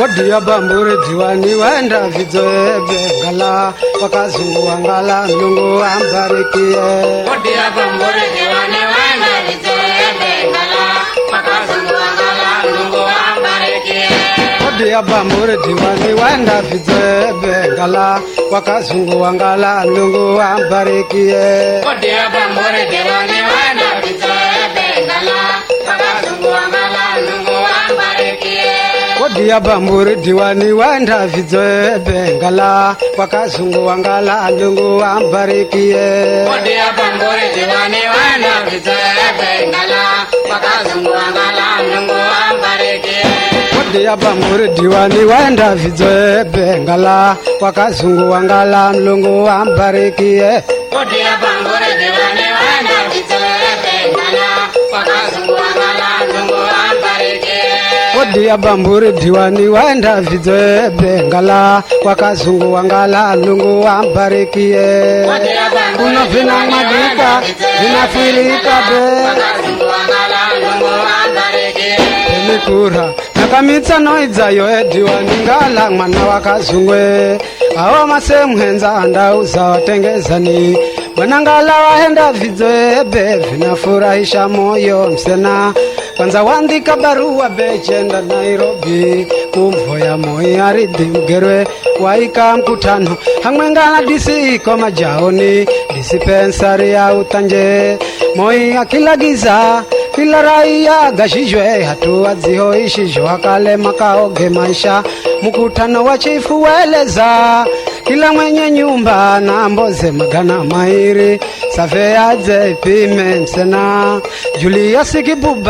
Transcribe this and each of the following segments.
wadiya bamburi dziwaniwa ndavidzo gala, wakazunguwa ngala nungu ambarikiye ya bamburi dziwani wa ndavidzo gala, wakazunguwa ngala nungu ambarikiye ndabiya bamburi dhiwaniwa ndavhidzo ebhengala wakazunguwa ngala ndungu wambarikiye ya bamburi diwani waenda vidzo ebhengala wakazunguwa ngala mlungu wambarikiye yeah. Odi ya bamburi diwani waenda vizwe Bengala, wakazungu wangala lungu wambarikie, kuna vinamwagika vinafilika be enikura nakamitsano idzayo ediwani eh, ngala mwana wakazungwe eh. awo masemwenza andauza watengezani mwanangala waenda vizwe be vinafurahisha moyo msena kwanza wandika barua bechenda Nairobi kumvoya aridhi mgerwe waika mkutano hamwe na disi iko majaoni disipensari ya utanje moi akilagiza kila raia gashijwe hatua zihoishijwa kale makaoge maisha mkutano wa chifu weleza kila mwenye nyumba na mboze magana mairi safeya zɛ pime msena julia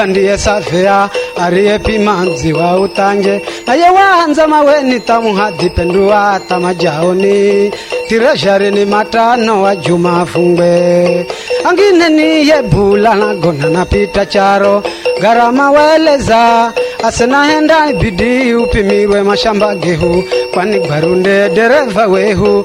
ndiye safeya ariye pima wa utanje naye wanza maweni tamuha dipenduwa tamajaoni tiresharini matano wa juma fungwe angine niye bulana gonana pita charo garama weleza asenahenda ibidi upimirwe mashamba gehu kwani gwarunde dereva wehu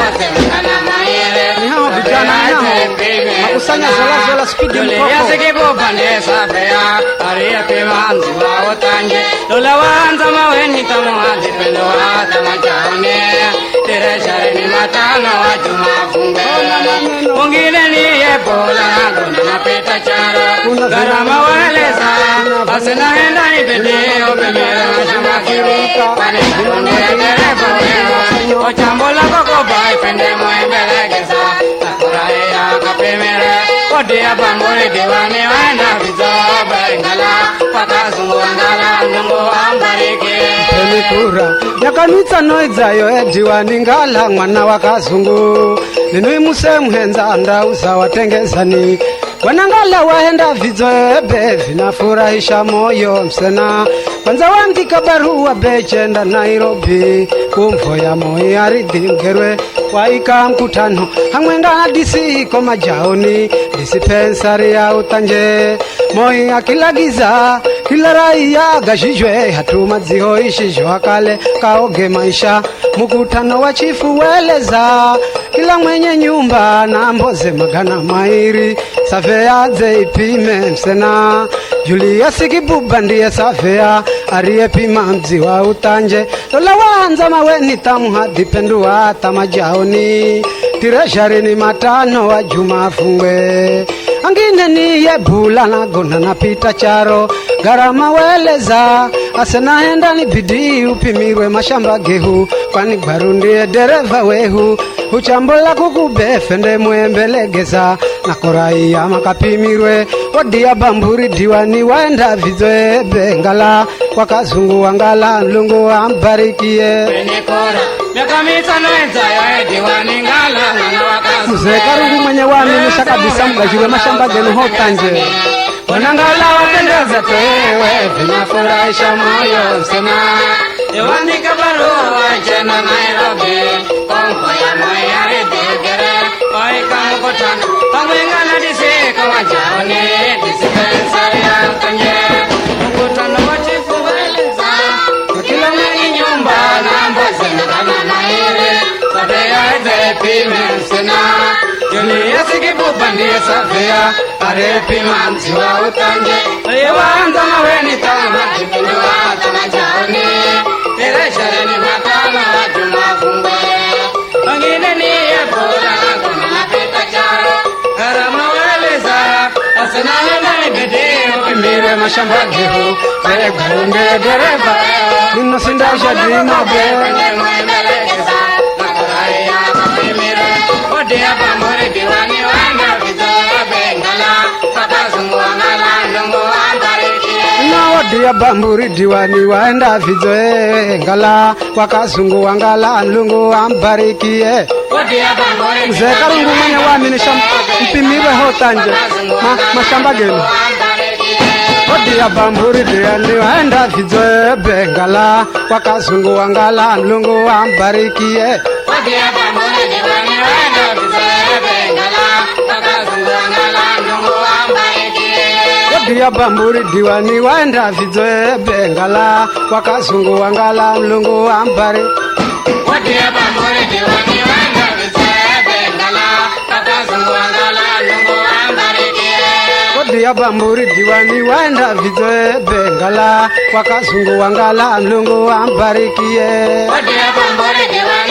makusanya zolazolaz kidimu yasikibwo pandesa feya ariyate vanzi vaotanje lolawanza mawenita muhanzi pendowata majaune tereshareni matano wajumafunge ungile niye bola gunamapeta chara garama waleza asina henda ibedeyo pemera shumakiru paneaondeegereboeo ochambolakoko baifende muembelekesa dhokodheya pamore dhevane vana kudzawa baingala kwakazongoangala nongoambareke emikura yakanwitsa noidzayo edhiwaningala mwana wakazungu ndinoimuse muhenza ndauza watengezani Wanangala waenda vizwebe vinafurahisha moyo msena wanza wandika barua bechenda Nairobi kumvoya moi aridhi mgerwe waika mkutano hamwenda disi iko majaoni disipensari ya utanje moi akilagiza kila raia gashijwe hatuma zihoishijwa kale kaoge maisha mkutano wa chifu weleza kila mwenye nyumba na mboze magana mairi Safea zeipime msena, Julius Kibuba ndiye Safea aliyepima mzi wa Utanje, Lola wanza maweni tamu wa pendua hata majaoni, ni matano wa Juma afungwe angine ni yebula na gona na pita charo garama weleza asenahenda nibidii upimirwe mashamba gehu kwani gwaru ndiye dereva wehu uchambola kukubefe ndemuembelegeza na koraiya makapimirwe wadiya bamburi diwani waenda vidzoe bengala wakazungu wangala mlungu ambarikiye muzekarungu mwenye wami mushakabisa mugachirwe mashamba genu hotanje unangalaupendeza tewe vinafurahisha moyo msema iwanika barua wache na nairobi kongo ya moyo yaridhigere aika mkutana pamwingana disiko wajaoni disipensari ya mkenye mkutano wachifuweleza kukila mwenyi nyumba na mbozi na kama mairi kabeaze pime mse ni safia are piman jiwa utanje ewan tama weni tama jiwa tama jani tere sharani mata ma juma fumbe angine ni e bora kuma te kachara karama wale zara asna nai bede mere mashamba gehu mere ghunde dereva ninno sinda shadima be bamburi diwani waenda vizoe ngala wakazungu wangala lungu ambarikie mzee Karungu mwenye waaminisha mpimiwe hotanje ma, mashamba genu odia bamburi diwani waenda vizoe bengala wakazungu wangala lungu ambarikie bamburi Pia bamburi diwani waenda vidwe Bengala wakazungu wangala mlungu wa mbari Wadia bamburi diwani waenda vidwe Bengala wakazungu wangala mlungu wa mbari Wadia bamburi diwani waenda vidwe Bengala wakazungu wangala mlungu wa mbarikie Wadia bamburi diwani